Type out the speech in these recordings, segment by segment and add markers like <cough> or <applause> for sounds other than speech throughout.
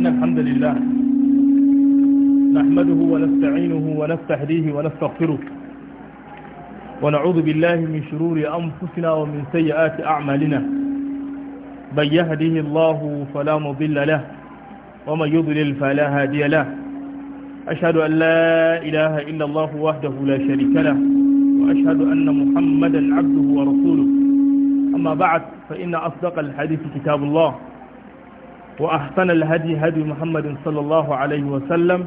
إن الحمد لله نحمده ونستعينه ونستهديه ونستغفره ونعوذ بالله من شرور أنفسنا ومن سيئات أعمالنا من يهده الله فلا مضل له ومن يضلل فلا هادي له أشهد أن لا إله إلا الله وحده لا شريك له وأشهد أن محمدا عبده ورسوله أما بعد فإن أصدق الحديث كتاب الله وأحسن الهدي هدي محمد صلى الله عليه وسلم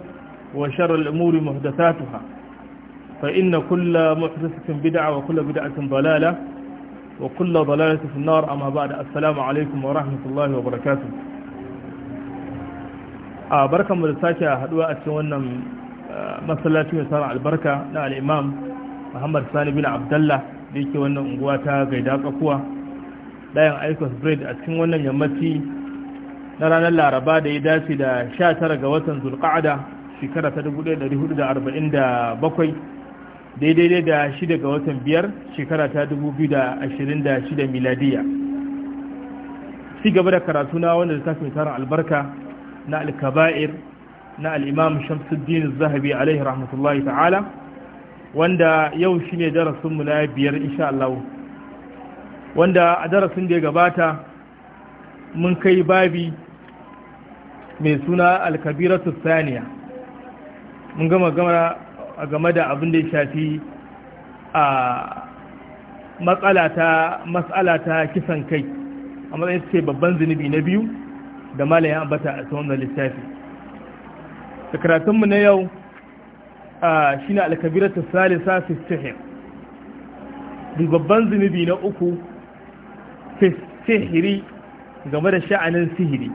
وشر الأمور مهدثاتها فإن كل محدثة بدعة وكل بدعة ضلالة وكل ضلالة في النار أما بعد السلام عليكم ورحمة الله وبركاته آه بركة مرساكة هدوء أتوانا مسلاتي وصارع البركة نا الإمام محمد ثاني بن عبد الله ديكي وانا انقواتا قيداك أقوى لا ينعيكوس بريد أتكين وانا يمتي na ranar laraba da ya dace da 19 ga watan zulqa'ada shekara ta 1447 daidai da 6 ga watan 5 shekara ta 2026 miladiya ci gaba da karatu na wanda fi tarin albarka na alkaba'ir na al'imam shamsuddin zahabi alaihi rahmatullahi ta'ala wanda yau shi ne darasinmu na biyar insha Allah wanda a darasin da ya gabata mun kai babi mai suna alkabiratu saniya mun gama gama game da abin da ya shafi a matsalata matsalata kisan kai a matsayin ce babban zunubi na biyu da ya ambata a tsawon da littafi da karatunmu na yau shi ne alkabiratu salisa fistihim babban zunubi na uku fistihiri game da sha'anin sihiri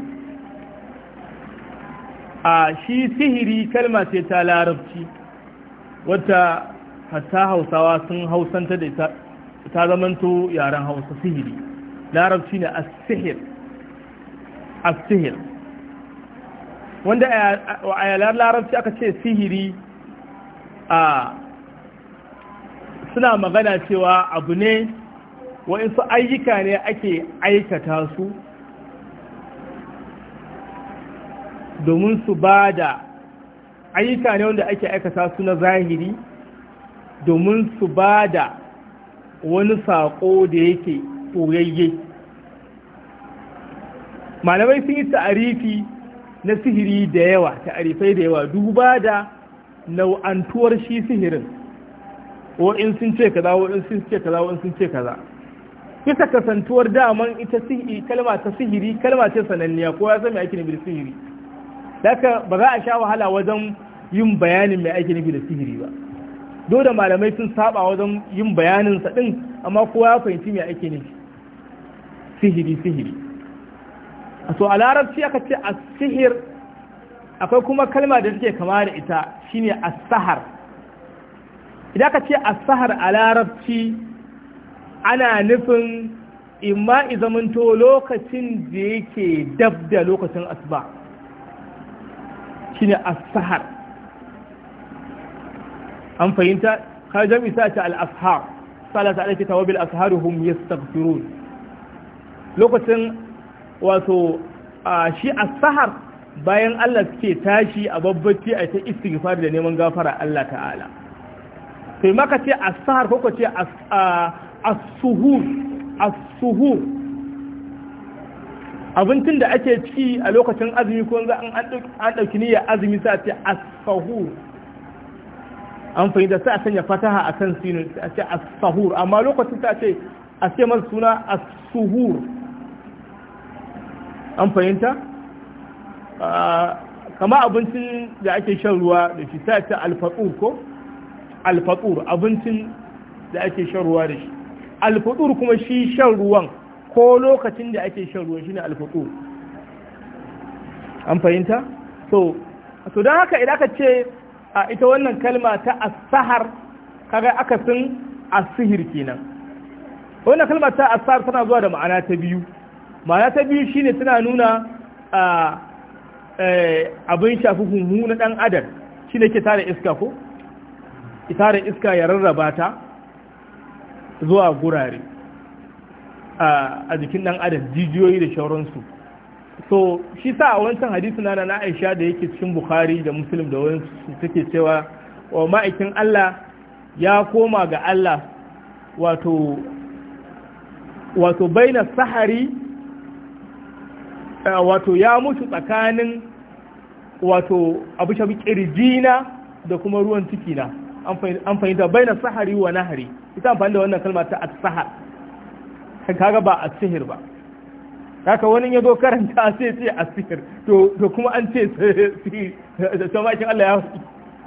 a shi sihiri kalma ce ta larabci wata hatta hausawa sun hausanta da ita ta zamanto yaren hausa sihiri larabci ne a sihir a sihir wanda a yalar larabci aka ce sihiri a suna magana cewa abu ne wa'insu ayyuka ne ake aikata su domin su ba da ayyuka ne wanda ake aikata su na zahiri domin su ba da wani saƙo da yake ɓoyayye malamai sun yi ta'arifi na sihiri da yawa ta'arifai da yawa duba da nau'antuwar shi sihirin wa'in sun ce kaza wa'in sun ce kaza wa'in sun ce kaza kisa kasantuwar daman ita kalma ta sihiri kalma ce sananniya ko ya zama ake nemi sihiri daga ba za a sha wahala wajen yin bayanin mai ake nufi da sihiri ba do da malamai sun saba wajen yin bayanin sa din amma kowa ya fahimci mai ake nufi sihiri sihiri so a larabci aka ce a sihir akwai kuma kalma da take kama da ita shine as-sahar idan ka ce as-sahar a larabci ana nufin imma izamanto lokacin da yake dab da lokacin asuba shine as-sahar an fahimta ka jami ta al-ashar sala ta alaiki ashar hum yastaghfirun lokacin wato shi as-sahar bayan Allah suke tashi a babbaci a ta istighfar da neman gafara Allah ta'ala sai maka ce as-sahar ko ko ce as-suhur as-suhur abincin da ake ciki a lokacin azumi ko za an ɗauki niyyar azumi sa ce asfahur. an fahimta sai a sanya fataha a kan sinin a ce asfahur. amma lokacin a ce a ce masa suna asfuhur. an fahimta ah, kama abincin da ake shan ruwa da shi sai ce al ko al abincin da ake shan ruwa da shi al kuma shi shan ruwan ko lokacin da ake shan ruwan shine alfuku an fahimta so so don haka idan aka ce a ita wannan kalma ta asahar kaga akasin sihir kenan wannan kalma ta asahar tana zuwa da ma'ana ta biyu ma'ana ta biyu shine tana nuna a e, abin shafi huhu na dan adam shine ke tare iska ko tare iska ya rarraba ta zuwa gurare a jikin dan adam jijiyoyi da shauransu so shi sa a wancan hadisi na na aisha da yake cikin bukhari da muslim da wani suke cewa wa ma'aikin allah ya koma ga allah wato wato baina sahari wato ya mutu tsakanin wato abu shafi kirjina da kuma ruwan cikina an fahimta baina sahari wa nahari ita amfani da wannan kalmata ta sahar kaga ba a sihir ba haka wani ya zo karanta <laughs> sai ce a sihir to kuma an ce samakin Allah ya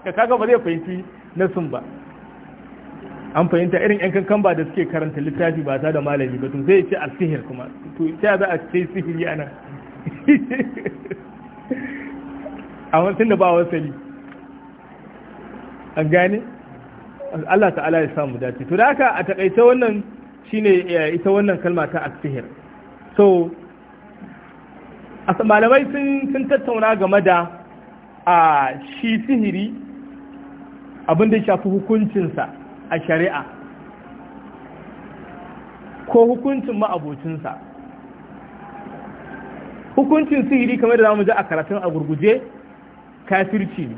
ka kaga ba zai fahimci sun ba an fahimta irin yan kankan ba da suke karanta littafi ba ta da malami ba tun zai ce a sihir kuma to ta za a ce sihiri yana a wancan <laughs> da ba wasali an gane Allah ta'ala ya samu dace to da haka a takaice wannan shine eh, ita wannan kalma ta asihir so malamai sun tattauna game da a shi sihiri abin da shafi hukuncinsa a shari'a ko hukuncin ma'abocinsa hukuncin sihiri kamar da zamu ji a karatun a gurguje kafirci ne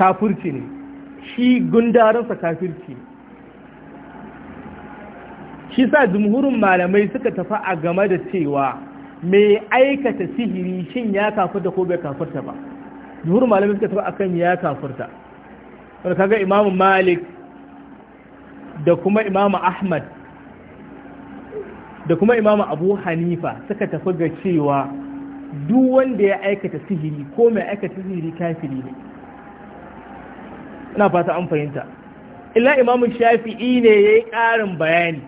kafirci ne shi gundarinsa kafirci ne shi sa jumhurin malamai suka tafi a game da cewa mai aikata sihiri shin ya kafurta ko bai kafurta ba jumhurin malamai suka tafi akan ya kafurta wanda kaga imamu malik da kuma imamu ahmad da kuma imamu abu hanifa suka tafi ga cewa duk wanda ya aikata sihiri ko mai aikata sihiri kafiri ne ina fata an fahimta illa imamu shafi'i ne ya yi ƙarin bayani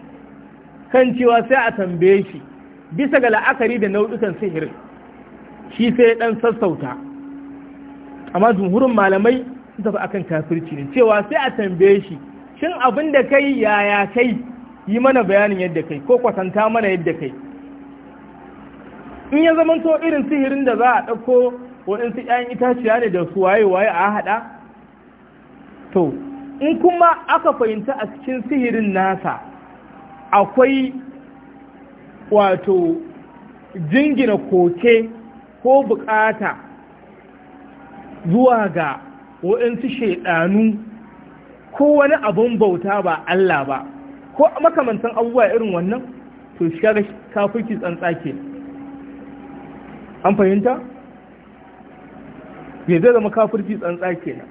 kan cewa sai a tambaye shi bisa ga la'akari da nau'ukan sihirin shi sai dan sassauta amma jumhurin malamai sun tafi akan kafirci ne cewa sai a tambaye shi shin abin da kai yaya kai yi mana bayanin yadda kai ko kwatanta mana yadda kai in ya zamanto irin sihirin da za a ɗauko waɗansu 'ya'yan itaciya ne da su waye waye a haɗa to in kuma aka fahimta a cikin sihirin nasa akwai wato jingina koke ko bukata zuwa ga waɗansu shaidanu ko wani abin bauta ba Allah ba ko makamantan abubuwa irin wannan to shi kaga kafirki tsantsake an fahimta? bai zai zama kafirki tsantsake na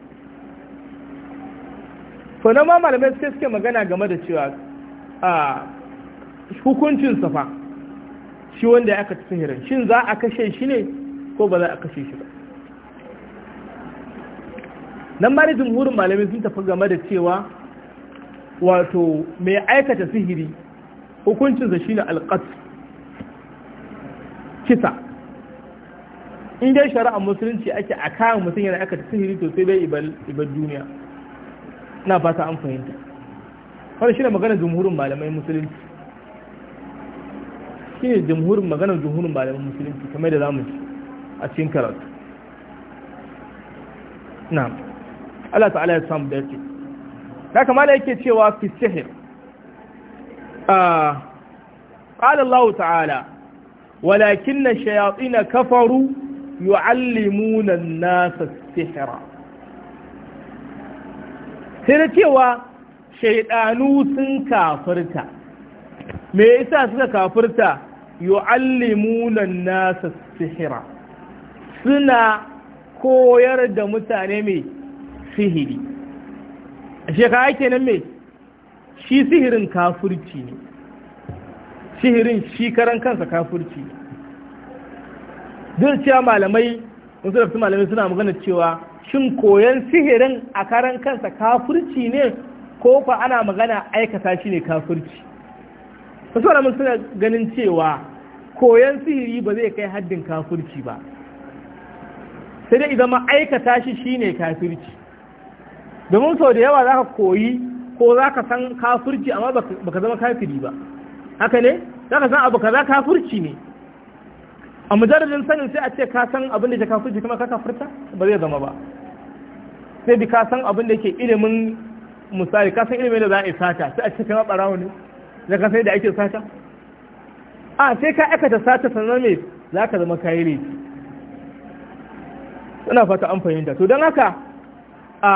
to na ma malamai suke suke magana game da cewa a hukuncinsa fa shi wanda aka ci sihirin shin za a kashe shi ne ko ba za a kashe shi ba nan bari wurin malamai sun tafi game da cewa wato mai aikata sihiri hukuncinsa shi ne alƙasu kisa in shari'a musulunci ake a kayan mutum yana aikata sihiri to sai bai ibar duniya na fata an fahimta wani shine maganar jumhurin malamai musulunci shine jumhurin maganar jumhurin malamai musulunci kamar da zamu ci a cikin karatu na Allah ta'ala ya samu da yake ta kamar yake cewa fi sihir آه قال الله تعالى ولكن الشياطين nasa sihira. Sai السحر cewa. shaidanu sun kafirta me yasa suka kafirta yu'allimuna nasu sihira suna koyar da mutane mai sihiri shekara kenan mai shi sihirin kafirci ne sihirin shi karan kansa kafirci duk cewa malamai wasu da malamai suna magana cewa shin koyon sihirin a karan kansa kafirci ne ko fa ana magana aikata shi ne kafirci wasu wani suna ganin cewa koyon sihiri ba zai kai haddin kafirci ba sai dai idan ma aikata shi shi ne kafirci domin sau da yawa za ka koyi ko za ka san kafirci amma ba ka zama kafiri ba haka ne za ka san abu ka za kafirci ne a mujarrajin sanin sai a ce ka san abin da ke kafirci kuma ka kafirta ba zai zama ba sai bi ka san abin da ke ilimin misali kasan ilimin da za a yi sata sai a cikin maɓarawo ne da ka sai da ake sata a sai ka aikata sata sannan mai za ka zama kayi ne suna fata an fahimta to don haka a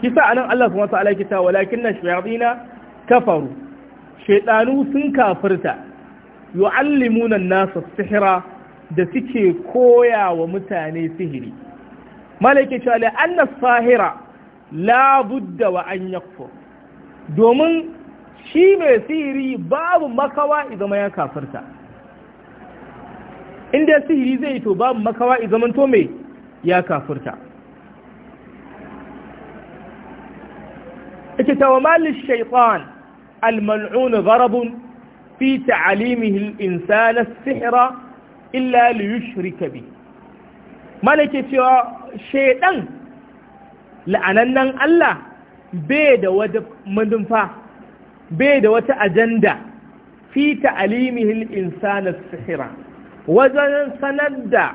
kisa a nan Allah kuma ta'ala kita walakin na shayaɗina kafaru shaiɗanu sun kafirta yu'allimuna nasa sihira da suke koya wa mutane sihiri malaikin An na sahira labudda wa an yakfur domin shi mai sihiri babu makawa izama ya kafirta inda sihiri zai to babu makawa izaman to mai ya kafirta ita tawamalin shaitan almal'un zarabun fi ta'alimihi insana sihira illa liyushrika bi ke cewa shaidan la'anannan Allah bai da wata manumfa bai da wata ajanda fi ta'alimihil insana sihira wajen sanar da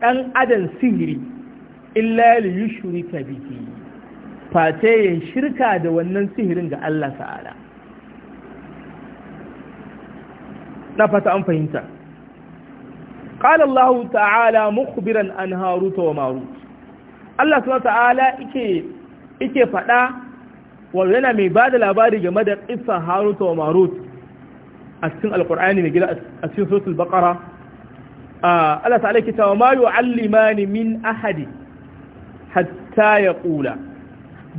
ɗan adam sihiri illa li yushrika bihi ya shirka da wannan sihirin ga Allah ta'ala na fata an fahimta qala Allah ta'ala mukhbiran an haruta wa Allah subhanahu ta'ala ike faɗa wa yana mai ba da labari game da qissa Harut wa Marut a cikin Alqur'ani ne gida a cikin suratul Baqara Allah ta'ala yake cewa ma yu'allimani min ahadi hatta ya ƙula.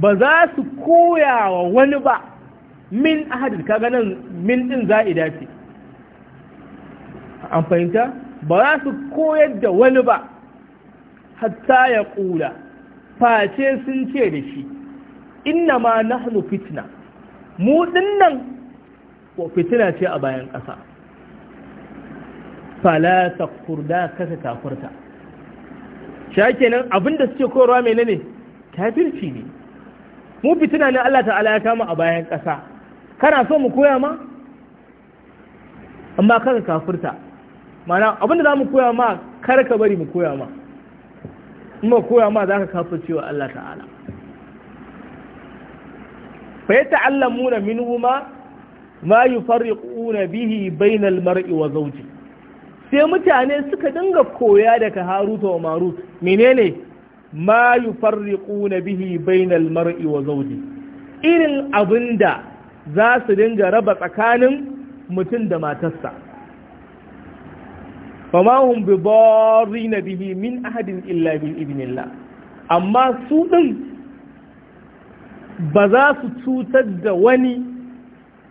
ba za su koya wa wani ba min ahadi ka ganin min ɗin din za'ida ce an fahimta ba za su koyar da wani ba hatta ya ƙula face sun ce da shi inna ma nahnu fitna mu dinnan ko fitina ce a bayan ƙasa fala takurda kasa kafurta shakenan abinda suke korowa menene kafirci ne mu fitina ne Allah ta'ala ya kama a bayan ƙasa kana so mu koya ma amma kaka kafurta mana abinda za mu koya ma kar ka bari mu koya ma kuma koya ma za ka kafa cewa Allah ta'ala fa ya na minhu ma ma yufarriquna bihi bainal mar'i wa zawji sai mutane suka dinga koya daga haruta wa Marut menene ma yufarriquna bihi bainal mar'i wa zawji irin abinda za su dinga raba tsakanin mutum da matarsa fama hun bi bori na bihi min ahadin illa bi ibnillah amma su ɗin ba za su cutar da wani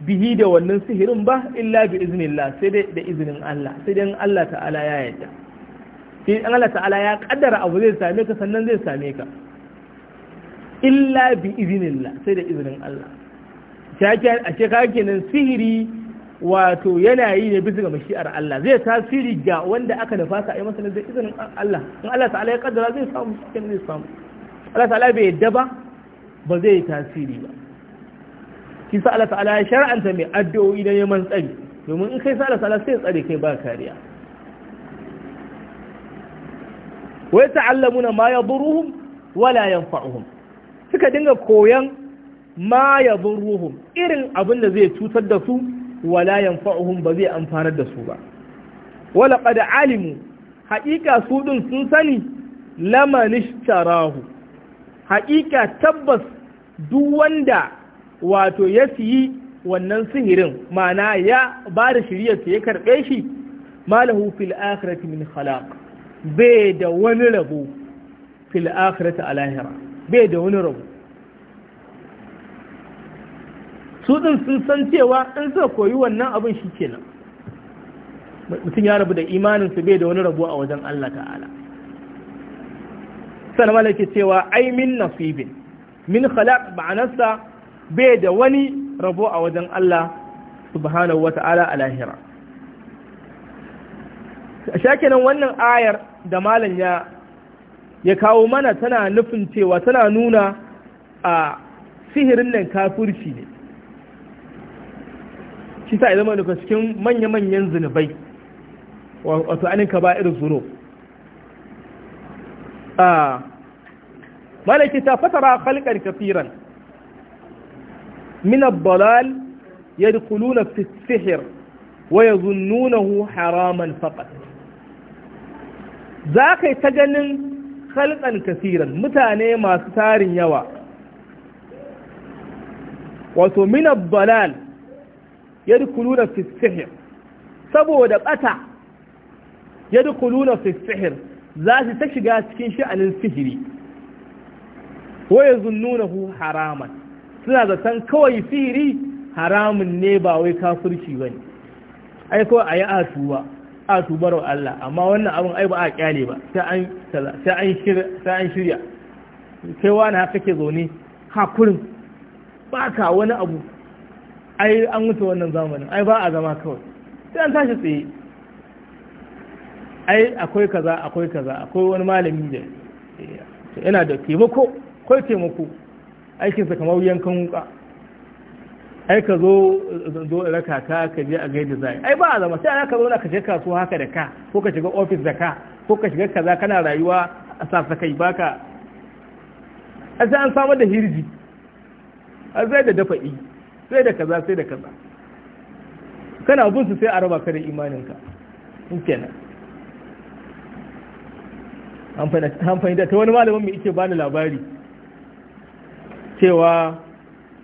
bihi da wannan sihirin ba illa bi iznillah sai dai da izinin Allah sai dai Allah ta'ala ya yarda sai Allah ta'ala ya kaddara abu zai same ka sannan zai same ka illa bi iznillah sai da izinin Allah sai a ce kenan sihiri wato yana yi ne bisa ga mashi'ar Allah zai tasiri ga wanda aka nufa ka yi masa da izinin Allah in Allah ta'ala ya kaddara zai samu cikin zai samu Allah ta'ala bai yadda ba ba zai yi tasiri ba shi sa Allah ta'ala ya shar'anta mai addu'o'i da neman tsari domin in kai sa Allah ta'ala sai tsare kai ba kariya wa ta'allamuna ma yadurruhum la yanfa'uhum suka dinga koyan ma yadurruhum irin abin da zai cutar da su wala yanfa'uhum ba zai amfanar da su ba wala qad alimu haƙiƙa su din sun sani laman ishtarahu haƙiƙa tabbas duk wanda wato ya siyi wannan sihirin mana ya ba da shiriyarsa ya karɓe shi malahu fil akhirati min khalaq bai da wani rabo fil akhirati alahira bai da wani rabo su din sun san cewa in suka koyi wannan abin shi ke nan. mutum ya rabu da imaninsu bai da wani rabu a wajen Allah ta'ala sannan mala ke cewa ai min nasibin min khalaq ba'anasa bai da wani rabu a wajen Allah subhanahu ta'ala a lahira shakinan wannan ayar da malam ya ya kawo mana tana nufin cewa tana nuna a sihirin nan kafirci ne shi ta ya zama daga cikin manya-manyan zunubai wato anin ka ba irin zuno malaki ta fatara halkar kafiran min abbalal ya dukuluna sihir wa ya zunnunahu haraman faƙat za ka yi ta ganin halkan kafiran mutane masu tarin yawa wato min abbalal yadkhuluna fi sihir saboda bata yadkhuluna fi sihir za su ta shiga cikin sha'anin sihiri wa yazunnunahu haraman suna zaton kawai sihiri haramun ne ba wai kafirci bane ai kawai ayi atuba atubar Allah amma wannan abin ai ba a kyale ba sai an sai an shirya kai wani haka ke zaune hakurin ba ka wani abu ai an wuce wannan zamanin ai ba a zama kawai sai an tashi tsaye ai akwai kaza akwai kaza akwai wani malami da yana da taimako akwai taimako aikinsa kamar yankan wuka ai ka zo zo raka ka ka je a gaida zai ai ba a zama sai ka zauna ka je kasuwa haka da ka ko ka shiga ofis da ka ko ka shiga kaza kana rayuwa a kai baka a sai an samar da hirji a zai da dafa'i sai da kaza sai da kaza kana bin su sai a raba ka da imaninka in kenan amfani da ta wani malamin mai ike bani labari cewa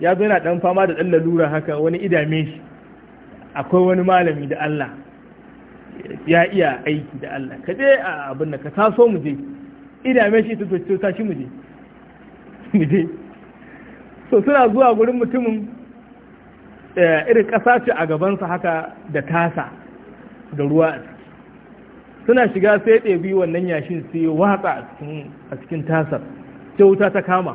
ya zo yana dan fama da dan lalura haka wani idame shi akwai wani malami da Allah ya iya aiki da Allah ka je a abin da ka taso mu je idame shi ta to tashi mu je <laughs> mu je so suna zuwa gurin mutumin Eh, irin ƙasa ce a gabansa haka da tasa da ruwa a ciki suna shiga sai ɗebi wannan yashin su yi watsa a cikin tasar sai wuta ta kama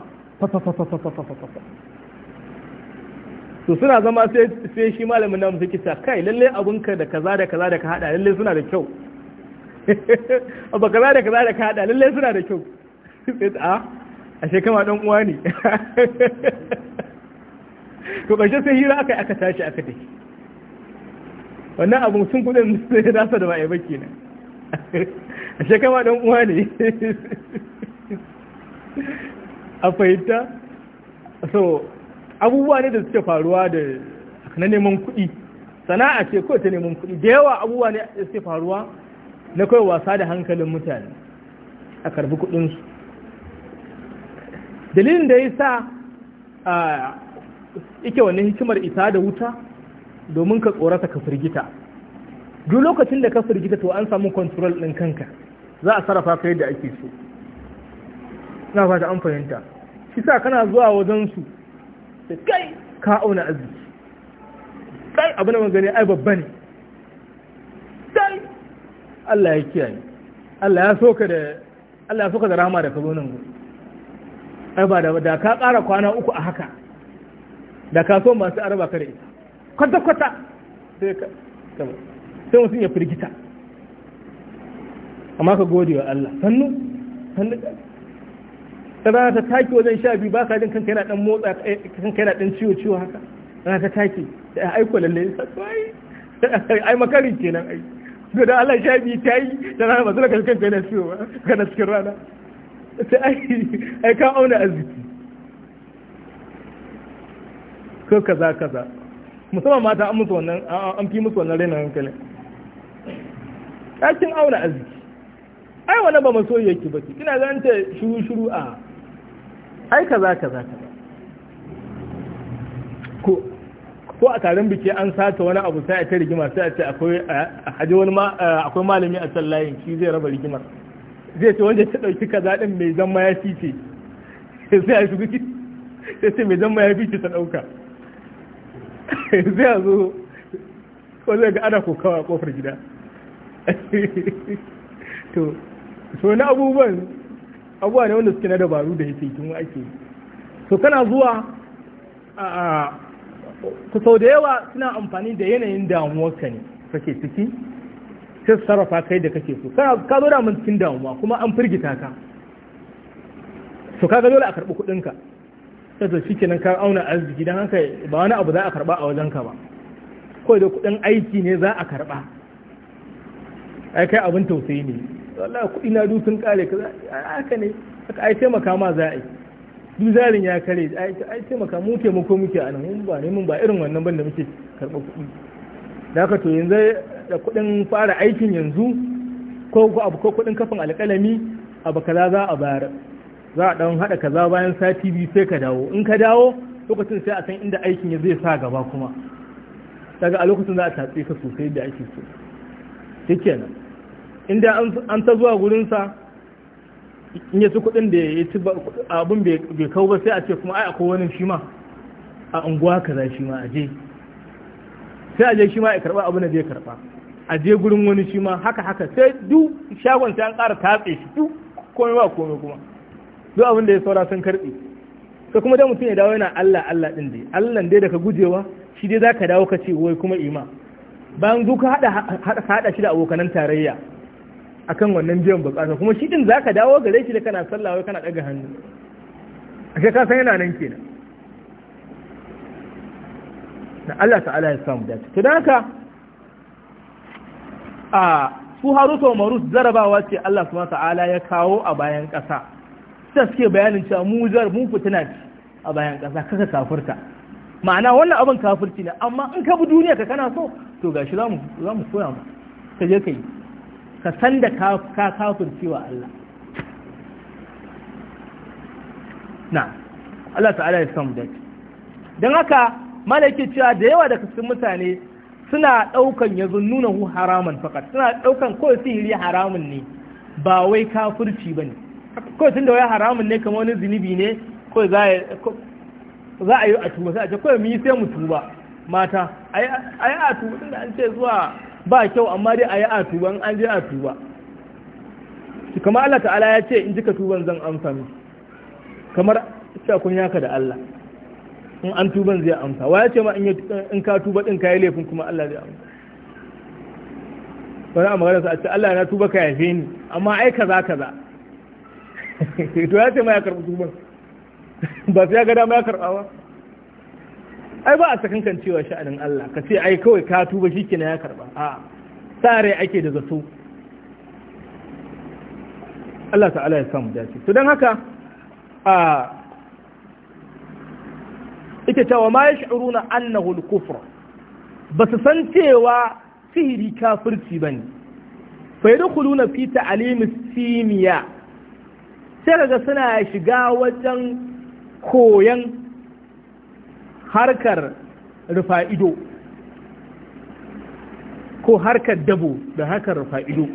to suna zama sai shi malamin namu sai kisa kai lalle ka da kaza da kaza da ka hada lalle suna da kyau <laughs> abu kaza da kaza da ka hada lalle suna da kyau <laughs> sai a ah, ashe kama dan uwa ne <laughs> to ƙarshe sai hira aka aka tashi aka tafi wannan abu sun kudin <laughs> sai rasa da ba'a baki na a <laughs> shekama ɗan uwa ne <laughs> a fahimta so abubuwa ne da suke faruwa da na neman kuɗi sana'a ce kawai ta neman kuɗi da yawa abubuwa ne da suke faruwa na kawai wasa da hankalin mutane a karbi kuɗinsu dalilin da ya sa ah, ike wannan hikimar ita da wuta domin ka tsorata ka firgita duk lokacin da ka firgita to an samu control ɗin kanka za a sarrafa ka yadda ake so na fata an fahimta shi sa kana zuwa wajen su kai ka auna arziki kai abin da magani ai babba ne kai Allah ya kiyaye Allah ya soka da Allah ya soka da rahama da kazo nan ai ba da ka kara kwana uku a haka da kaso masu araba kare ita kwata-kwata sai mutum ya firgita amma ka gode wa Allah sannu sannu ta rana ta taki wajen sha biyu ba ka jin kanka yana dan motsa eh, kanka yana dan ciwo ciwo haka rana ta taki da aiko lalle <laughs> ai makari kenan ai to da Allah sha biyu ta yi ta rana ba zaka kanka yana ciwo ba kana cikin rana sai ai ka auna aziki ko kaza kaza musamman mata an musu wannan an fi musu wannan rainin hankali ɗakin auna aziki ai wani ba maso ki ba ki kina ga ta shuru shuru a ai kaza kaza kaza ko ko a taron biki an sata wani abu sai a ta rigima sai a ce akwai haje wani akwai malami a can layin shi zai raba rigimar zai ce wanda ta ɗauki kaza ɗin mai zama ya fice sai a shi sai mai zama ya fice ta ɗauka <laughs> sai a zo ko zai ga ana kokawa a kofar gida <laughs> to so na abubuwan abubuwa ne wanda suke na dabaru da tun ake so kana zuwa a ku sau da yawa suna amfani da yanayin ka ne kake ciki sai su sarrafa kai da kake so ka zo da mun cikin damuwa kuma an firgita ka so ka ga dole a karɓi kuɗinka sai to shi kenan ka auna arziki don haka ba wani abu za a karba a wajenka ba kawai da kudin aiki ne za a karba ai kai abin tausayi ne wallahi kudi na du sun kare ka haka ne haka ai taimaka ma za a yi du zarin ya kare ai taimaka mu taimako muke a nan mun ba ne mun ba irin wannan ban da muke karba kudi da haka to yanzu da kudin fara aikin yanzu ko abu ko kudin kafin alƙalami abu kaza za a bayar za a ɗan haɗa kaza bayan sati biyu sai ka dawo in ka dawo lokacin sai a san inda aikin ya zai sa gaba kuma daga a lokacin za a tatse ka sosai da ake so shi kenan inda an ta zuwa gurinsa in ya ci kuɗin da ya ci abin bai kawo ba sai a ce kuma ai akwai wani shi ma a unguwa kaza shi ma a je sai a je shi ma ya karɓa abin da zai karɓa a je gurin wani shi ma haka haka sai duk shagon sai an ƙara tatse shi duk komai ba komai kuma duk abin da ya saura sun karbi ka kuma da mutum ya dawo yana Allah Allah din dai Allah dai daga gujewa shi dai zaka dawo ka ce wai kuma ima bayan duka hada hada shi da abokanan tarayya akan wannan biyan bukata kuma shi din zaka dawo gare shi da kana sallah wai kana daga hannu ake ka san yana nan kenan na Allah ta'ala ya samu dace to dan haka a su haruta wa marus zarabawa ce Allah subhanahu ta'ala ya kawo a bayan ƙasa sai suke bayanin cewa mu zar mu fitina ce a bayan ƙasa kaka kafirta ma'ana wannan abin kafirci ne amma in ka bi duniya ka kana so to gashi za mu za mu koya mu ka je kai ka san da ka kafirci wa Allah na Allah ta'ala ya san mu dace dan haka malaki cewa da yawa daga cikin mutane suna daukan hu haraman fakat suna daukan ko sihiri haramun ne ba wai kafirci bane kawai tun da wai haramun ne kamar wani zunubi ne kawai za a yi a tuba sai a ce kawai mu yi sai mu tuba mata a yi a tuba tun da an ce zuwa ba kyau amma dai a yi a tuba an je a tuba kamar Allah ta'ala ya ce in jika tuban zan amsa mu kamar sai kun yaka da Allah in an tuban zai amsa wa ya ce ma in ka tuba din ka yi laifin kuma Allah zai amsa wani a maganarsa a ce Allah na tuba ka yafe ni amma ai kaza kaza <laughs> to ya ce ma ya karɓi tuban <laughs> ba su ya ga ma ya karɓa ba ai ba a sakankan cewa sha'anin Allah ka ce ai kawai ka tuba shi ya karɓa a tsare ake da zato Allah ta'ala ya samu dace to don haka a ita cewa ma ya shi'uru na annahu kufra ba su san cewa sihiri kafirci ba ne fa yi fi ta'alimis simiya sai kaga suna shiga wajen koyon harkar rufa ko harkar dabo da harkar rufa ido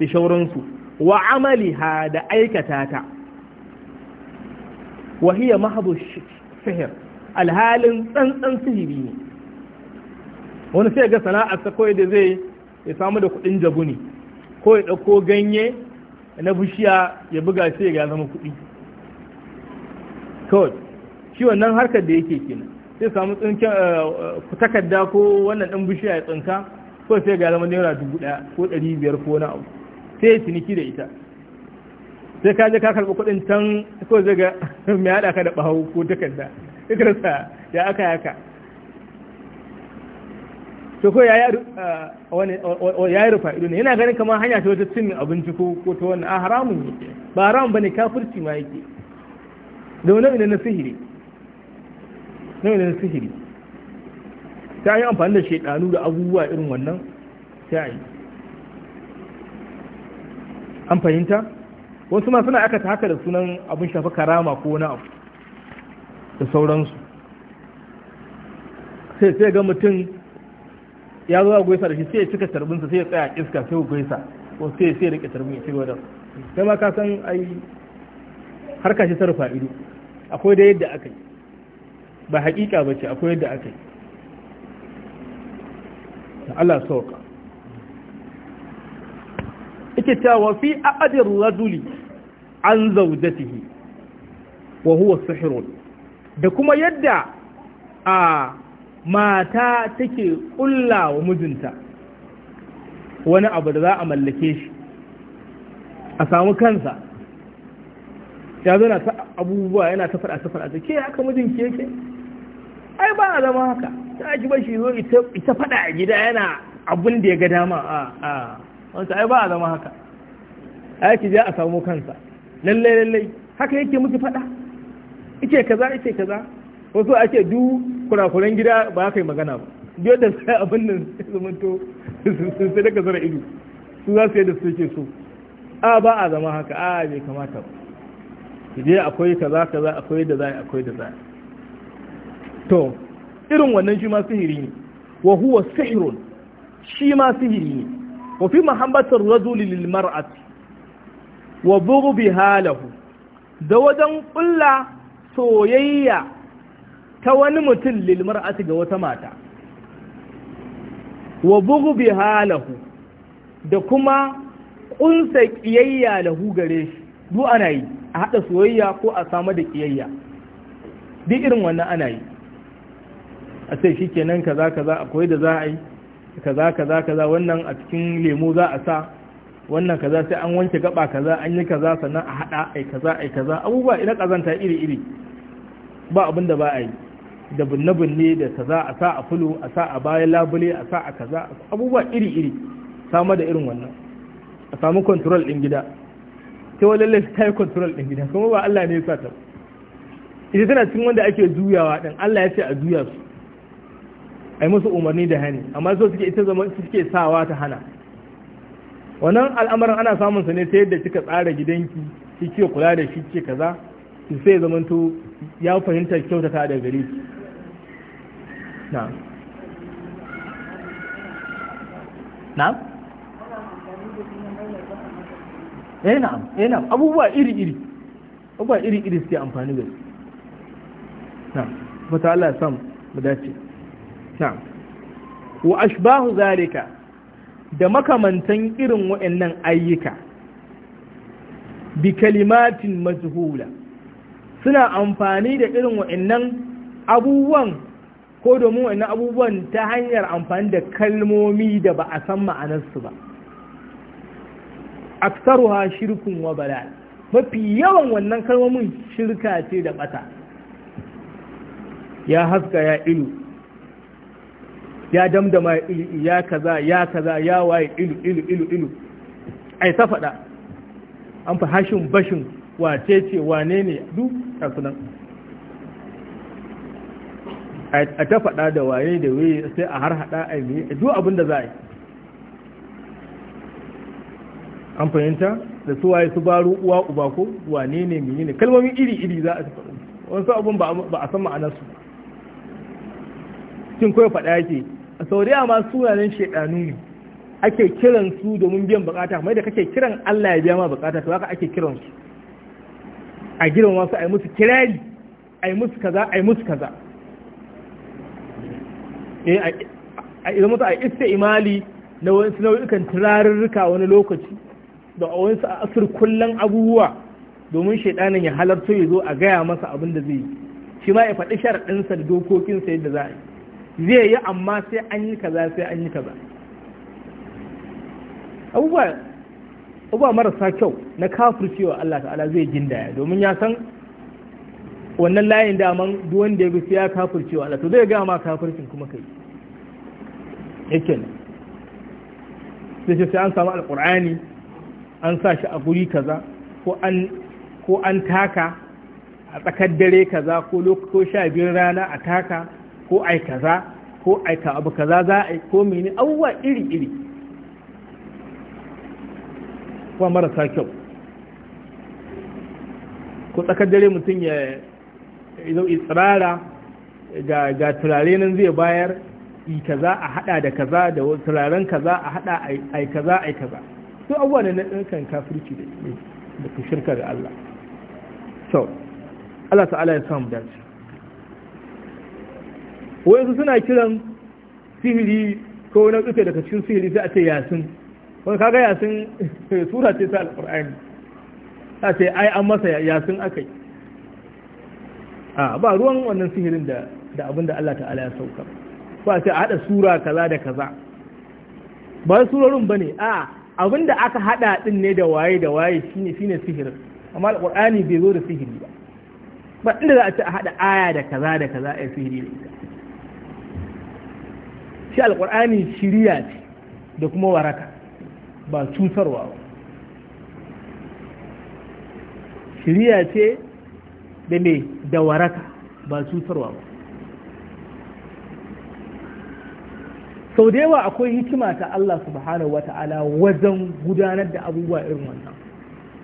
da shauransu wa amaliha da aikata ta wahiyya mahabu sihir alhalin tsantsan sihiri ne wani sai ga sana'ar ta kawai da zai ya samu da kudin jabu ne ko ya ɗauko ganye na bishiya ya buga sai ya zama kuɗi kawai shi wannan harkar da yake kenan sai samu tsinken eh, eh, takarda ko wannan ɗan bishiya ya tsinka ko sai ga zama naira dubu ɗaya ko ɗari biyar ko na abu sai ya ciniki da ita sai ka je ka karɓi kuɗin can ko zai ga <laughs> mai haɗa ka da ɓahau ko takarda ikarsa ya aka yaka to ko ya yi rufa ido ne yana ganin kamar hanya ta wata cin abinci ko ko ta wani a haramun yake ba haramun bane kafirci ma yake da wani nau'in na sihiri nau'in na sihiri ta yi amfani da shaidanu da abubuwa irin wannan ta yi an fahimta wasu ma suna aka ta haka da sunan abin shafi karama ko wani abu da sauransu sai sai ga mutum ya zo a gaisa da shi sai ya cika tarbinsa sai ya tsaya iska sai ya gaisa ko sai sai rike tarbin ya cika gaba da ma ka san ai harka shi sarrafa ido akwai da yadda aka yi ba hakika ba ce akwai yadda aka yi Allah sauka ita ta wa fi aqdir rajuli an zawjatihi wa huwa sihrun da kuma yadda a mata take ƙulla wa mijinta wani abu da za a mallake shi a samu kansa ya zana ta abubuwa yana ta faɗa ta faɗa ke haka mijin ke ke ai ba a zama haka ta ake bashi zo ita faɗa a gida yana abin da ya ga dama a a wanda ai ba a zama haka a yake je a samu kansa lallai lallai haka yake muke faɗa ike kaza ike kaza wasu ake duk kurakuran gida ba ka yi magana ba biyar da sai abin nan sun sai daga zara ido su za su yi da su ke so a ba a zama haka a bai kamata ba je akwai kaza za akwai da za akwai da za to irin wannan shi ma sihiri ne wa huwa sihirun shi ma sihiri ne wa fi mahambatar rajuli lil mar'ati wa bi halahu, da wajen kulla soyayya ta wani mutum lilmar ga wata mata wa bugu bi halahu da kuma ƙunsa ƙiyayya lahu gare shi duk ana yi a haɗa soyayya ko a samu da ƙiyayya duk irin wannan ana yi a ce shi kenan kaza kaza akwai da za a yi kaza kaza kaza wannan a cikin lemo za a sa wannan kaza sai an wanke gaba kaza an yi kaza sannan a haɗa ai kaza ai kaza abubuwa ina ƙazanta iri iri ba abin da ba a yi da binne-binne da ta za a sa a fulo a sa a bayan labule a sa a kaza abubuwa iri-iri sama da irin wannan a samu kontrol ɗin gida ta wani lallai ta yi kontrol ɗin gida kuma ba Allah ne ya sa ta ita tana cikin wanda ake juyawa ɗin Allah ya ce a juya su a yi musu umarni da hani amma so suke ita zama suke sawa ta hana wannan al'amarin ana samun sa ne ta yadda kika tsara gidanki shi ke kula da shi ke kaza sai zamanto ya fahimta kyautata da gare ki na'am iri-iri abubuwa iri-iri suke amfani da su na'am fata Allah ya samu mu dace na'am ashbahu zalika da makamantan irin waɗannan ayyuka bi kalimatin majhula suna amfani da irin waɗannan abubuwan ko domin wannan abubuwan ta hanyar amfani da kalmomi da ba a san ma'anarsu ba aksaruha shirkun wa balal mafi yawan wannan kalmomin shirka ce da bata ya haska ya ilu ya damdama ya kaza ya kaza ya waye ilu ilu ilu ilu ai ta faɗa an fi hashin bashin wace ce wane ne duk a sunan a ta faɗa da waye da waye sai a har haɗa a yi duk abin da za a yi an fahimta da su waye su baro uwa uba ko wane ne mene ne kalmomin iri-iri za a faɗa wasu abin ba a san ma'anarsu cin kawai faɗa yake a sauriya ma sunanen shaɗanu ne ake kiran su domin biyan bukata mai da kake kiran Allah ya biya ma bukata to haka ake kiran su a gidan wasu a yi musu kirari a yi musu kaza a yi musu kaza Eh, a idan mutu a ista imali na wasu nau'ikan turarurruka wani lokaci da a wasu asir kullum abubuwa domin shaidanin ya halarta ya zo a gaya masa abin da zai yi shi ma ya faɗi sharaɗinsa da dokokinsa yadda za a yi zai yi amma sai an yi kaza sai an yi kaza abubuwa marasa kyau na kafircewa Allah ta'ala zai gindaya domin ya san wannan layin daman duk wanda ya bi ya kafirce Allah to zai ga ma kafircin kuma kai yake ne sai sai an samu alqur'ani an sa shi a guri kaza ko an ko an taka a tsakar dare kaza ko lokacin sha biyun rana a taka ko ai kaza ko ai ka abu kaza za a ko mene abubuwa iri iri kuma marasa kyau ko tsakar dare mutum ya zo israra ga turare nan zai bayar yi kaza a hada da kaza da turaren kaza a hada ai kaza ai kaza to abuwa na kan kafirci da da ku shirka da Allah so Allah ta'ala ya samu dace wai su suna kiran sihiri ko na tsufe daga cikin sihiri sai a ce yasin wani kaga yasin <laughs> sura ce ta alqur'ani a ce ai an masa yasin akai a ba ruwan wannan sihirin da da abin da Allah ta'ala ya sauka ba sai a hada sura kaza da kaza ba surorin bane a abin da aka hada din ne da waye da waye shine shine sihirin amma alqur'ani bai zo da sihiri ba ba inda za a ce a hada aya da kaza da kaza ai sihiri ne shi alqur'ani shiriya ce da kuma waraka ba cutarwa ba shiriya ce da mai da waraka ba cutarwa ba sau da yawa akwai hikima ta Allah subhanahu wa ta'ala wajen gudanar da abubuwa irin wannan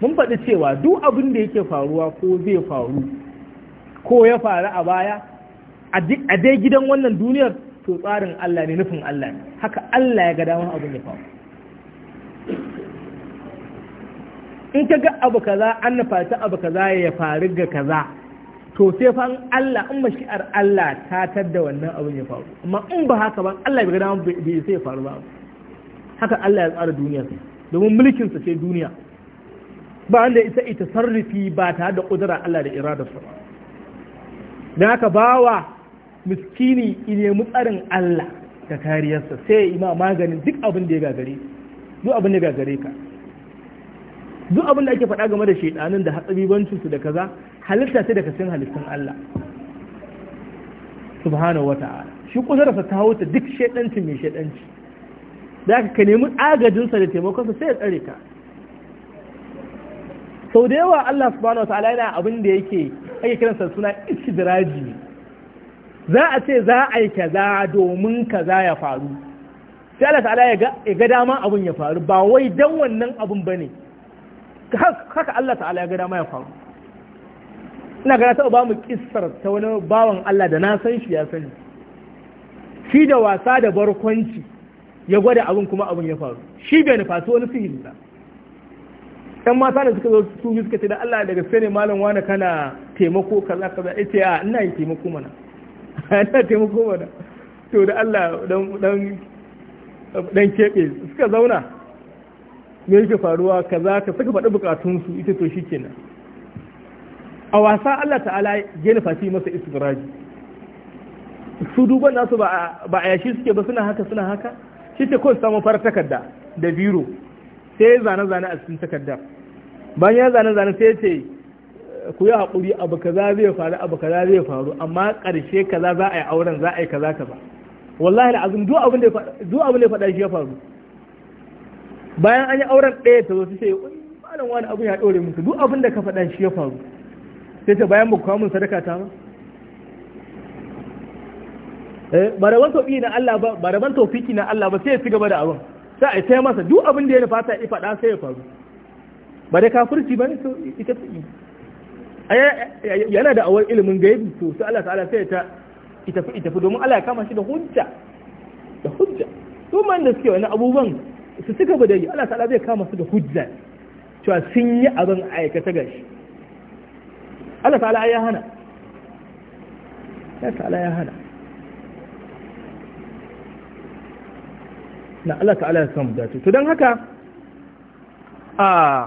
mun faɗi cewa duk abin da yake faruwa ko zai faru ko ya faru a baya a dai gidan wannan duniyar to tsarin Allah ne nufin Allah ne haka Allah ya ga damar abin ya faru in ka ga abu kaza an na abu kaza ya faru ga kaza to sai fa Allah in mashi'ar Allah ta tadda wannan abin ya faru amma in ba haka ba Allah bai ga bai sai ya faru ba haka Allah ya tsara duniya domin mulkin sa ce duniya ba wanda da ita sarrafi ba ta da kudura Allah da iradar sa dan haka bawa miskini ne mu tsarin Allah da kariyarsa sai ya yi maganin duk abin da ya gagare duk abin da ya gagare ka duk abin da ake faɗa game da shaidanin da bancin su da kaza halitta sai daga cikin halittun Allah subhanahu ta'ala shi kusurarsa ta hauta duk shaidanci mai shaidanci da ka nemi agajinsa da taimakonsa sai ya tsare ka sau da yawa Allah subhanahu ta'ala yana abin da yake ake kiransa suna istidraji za a ce za a yi kaza domin kaza ya faru sai Allah ta'ala ya ga dama abin ya faru ba wai dan wannan abin bane haka Allah ta'ala ya gada ya faru ina gada taɓa ba mu ta wani bawan Allah da na san shi ya sani shi da wasa da barkwanci ya gwada abin kuma abin ya faru shi bai nufaci wani sihiri ba ɗan mata da suka zo su suka ce da Allah daga sai ne malam wani kana taimako kaza kaza ita a ina yi taimako mana <laughs> ina taimako mana to da Allah dan keɓe suka zauna me yake faruwa za ka saka faɗi bukatunsu ita to shi shikenan a wasa Allah ta'ala ya nufa shi masa istiraji su duba nasu ba a yashi suke ba suna haka suna haka shi ce kawai samun farar takarda da biro sai ya zane-zane a cikin takardar bayan ya zane-zane sai ce ku yi haƙuri abu kaza zai faru abu kaza zai faru amma ƙarshe kaza za a yi auren za a yi kaza ba wallahi al'azim duk abin da ya faɗa shi ya faru bayan an yi auren ɗaya ta zo su ce malam wani abu ya ɗore musu duk abin da ka faɗa shi ya faru sai ta bayan bukwa mun sadaka ta ba eh, ba da tofiki na Allah ba ba na Allah ba sai ya ci gaba da abin sai a sai masa duk abin da ya fata ya faɗa sai ya faru ba da kafirci ba ne to ita ta yana da awar ilimin gaibi to sai Allah ta'ala sai ta ita fi ita fi domin Allah ya kama shi da hujja da hujja to man da suke wani abubuwan su suka gaba yi Allah ta'ala zai kama su da hujja cewa sun yi abin aikata gashi Allah ta'ala ya hana Allah ta'ala ya hana na Allah ta'ala ya samu dace to don haka a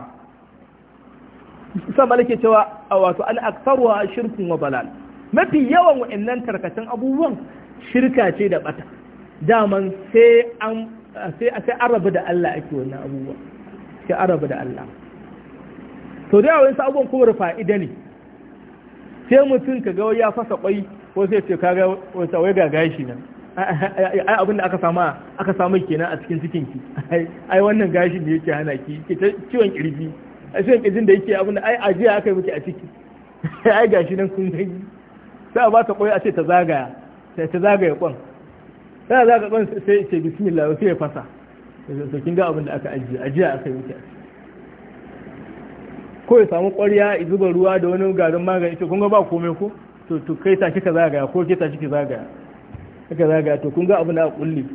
san malike cewa a wato al'aktarwa shirkun wa balal mafi yawan wa'annan tarkacin abubuwan shirka ce da bata daman sai an sai a sai araba da Allah ake wannan abubuwa sai araba da Allah to da yawan abubuwan kuma fa'ida ne sai mutum ka ga ya fasa kwai ko sai ce ka ga wata wai ga gashi nan ai abin da aka sama aka samu kenan a cikin cikin ki ai wannan gashi ne yake hana ki ki ciwon kirji a cikin kirjin da yake abin da ai ajiya aka yi miki a ciki <laughs> ai gashi nan kun gani sai a ba ta kwai a ce ta zagaya ta zagaya kwan sai za ka ɗansa sai ce bismillah sai ya fasa da kin ga abin da aka ajiye ajiya aka yi wuce ko ya samu ƙwarya ya zuba ruwa da wani garin magani ce kun ga ba komai ko to to kai ta kika zagaya ko kai ta kika zagaya kika zagaya to kun ga abin da aka kulli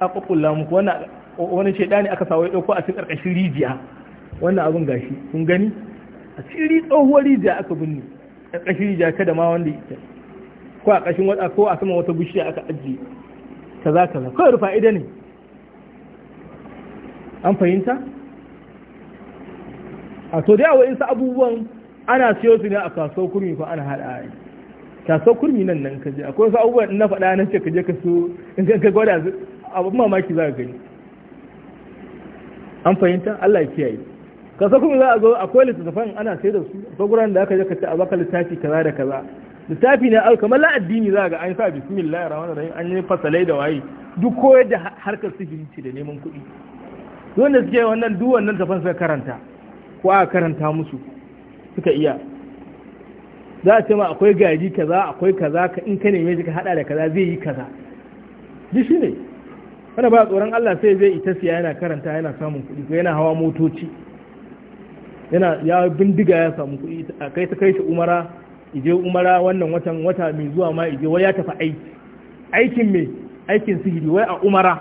aka kulla muku wannan wani ne aka sawo ya ɗauko a cikin ƙarƙashin rijiya wannan abin gashi kun gani a cikin tsohuwar rijiya aka binne ƙarƙashin rijiya kada ma wanda ita ko a ƙashin wata ko a saman wata bishiya aka ajiye kaza kaza kawai rufa ido ne an fahimta a to da yawa insu abubuwan ana siyo su ne a kasuwar kurmi ko ana haɗa a kasuwar kurmi nan nan kaje akwai wasu abubuwan na faɗa nan ce kaje ka so in ka gwada abin mamaki za ka gani an fahimta Allah ya kiyaye kasuwar kurmi za a zo akwai littattafan ana sayar da su akwai guran da aka je ka ci a baka littafi kaza da kaza littafi ne al kamar addini za ga an sa bismillahir rahmanir rahim an yi fasalai da waye duk koyar da harkar sihiri ce da neman kuɗi wanda suke wannan duk wannan tafan suka karanta ko a karanta musu suka iya za a ce ma akwai gaji kaza akwai kaza ka in ka neme shi ka hada da kaza zai yi kaza ji shi ne wanda ba tsoron Allah sai zai ita siya yana karanta yana samun kuɗi ko yana hawa motoci yana ya bindiga ya samu kuɗi a kai ta kai shi umara ije umara wannan watan wata mai zuwa ma ije wai ya tafi aiki aikin me aikin sihiri wai a umara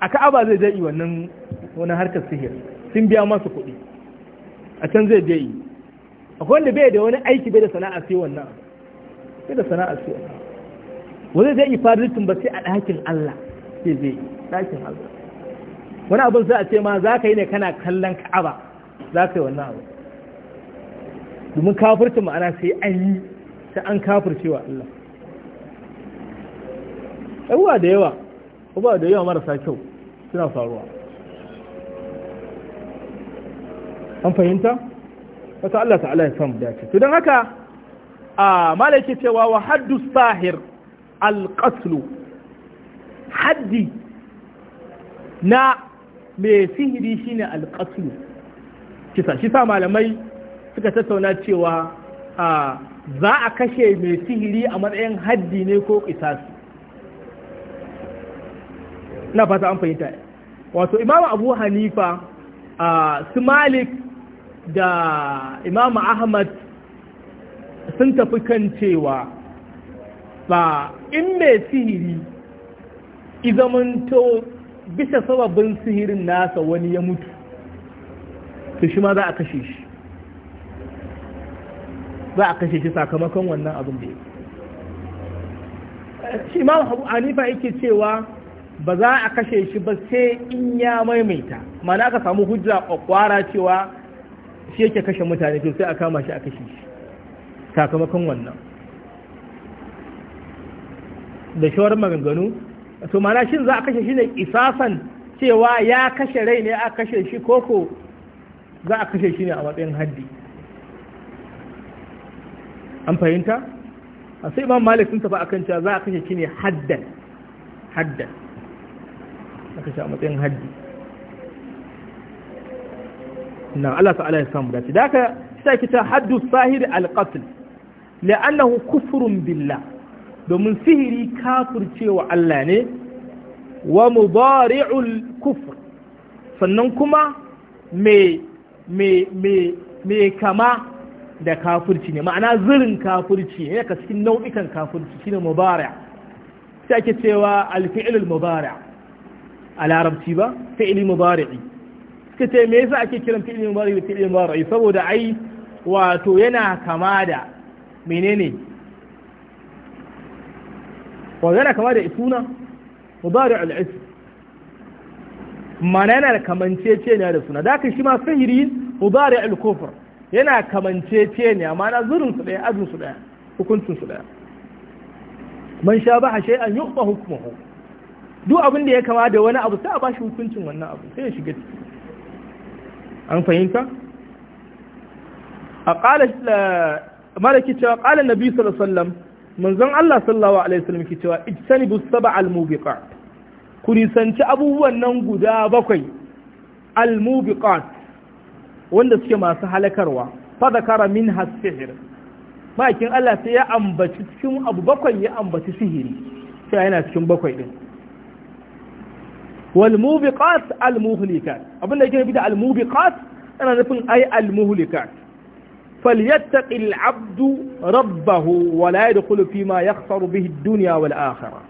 a ka'aba zai je wannan wani harkar sihir sun biya masu kuɗi a can zai je yi akwai wanda bai da wani aiki bai da sana'a sai wannan bai da sana'a sai wannan wani zai yi fadilcin ba sai a ɗakin Allah sai zai yi ɗakin Allah wani abin za a ce ma za ka yi ne kana kallon ka'aba za ka yi wannan abu domin kafirta ma'ana sai an yi sai an kafircewa Allah abuwa da yawa abuwa da yawa marasa kyau suna faruwa an fahimta wata Allah ta'ala ya samu dace to don haka a malaki cewa wa haddu sahir alƙaslu haddi na mai sihiri shine alƙaslu kisa shi sa malamai suka tattauna cewa za a kashe mai sihiri a matsayin haddi ne ko kisas na fata an fahimta wato imam abu hanifa su malik da imam ahmad sun tafi kan cewa ba in mai sihiri izamanto bisa sababin sihirin nasa wani ya mutu to shi ma za a kashe shi za a kashe shi sakamakon wannan abin da ya shi ma abu hanifa yake cewa ba za a kashe shi ba sai in ya maimaita mana aka samu hujja kwara cewa shi yake kashe mutane to sai a kama shi a kashe shi sakamakon wannan da shawar maganganu to mana shin za a kashe shi ne isasan cewa ya kashe rai ne a kashe shi koko za a kashe shi ne a matsayin haddi an fahimta a sai imam malik sun tafi a kan cewa za a kashe shi ne haddan haddan a sha a matsayin haddi na Allah ta'ala ya samu dace da aka sa kita haddu sahiri alqatl la'annahu kufrun billah domin sihiri kafircewa Allah ne wa mudari'ul kufr sannan kuma me me me me kama da kafirci ne ma'ana zirin kafirci ne ka cikin nau'ikan kafirci shine mubara sai ake cewa alfi'ilul mubara a larabci ba fi'ili mubari'i suka ce me yasa ake kiran fi'ili mubari'i da fi'ili mubari'i saboda ai wato yana kama da menene wato yana kama da isuna mubari'ul ism mana yana da kamanceceniya da suna da haka shi ma sihiri mubari'ul kufr yana ce ne amma na zurin su daya azun su daya hukuncin su daya man sha ba hashe an yuqba hukumahu. duk abin da ya kama da wani abu sai a bashi hukuncin wannan abu sai ya shiga ciki an fahimta a qala eh, malaki cewa qala nabi sallallahu alaihi wasallam manzon Allah sallallahu alaihi wasallam ki cewa ijtanibu sab'a mubiqat ku nisanci abubuwan nan guda bakwai al-mubiqat wanda suke masu halakarwa fadakara min hasihir ma'aikin Allah sai ya ambaci cikin abu bakwai ya ambaci sihiri sai yana cikin bakwai din wal mubiqat al muhlikat abinda yake nufi da al mubiqat ana nufin ai al muhlikat falyattaqi al abdu rabbahu wa la yadkhulu fi ma yakhsaru bihi ad dunya wal akhirah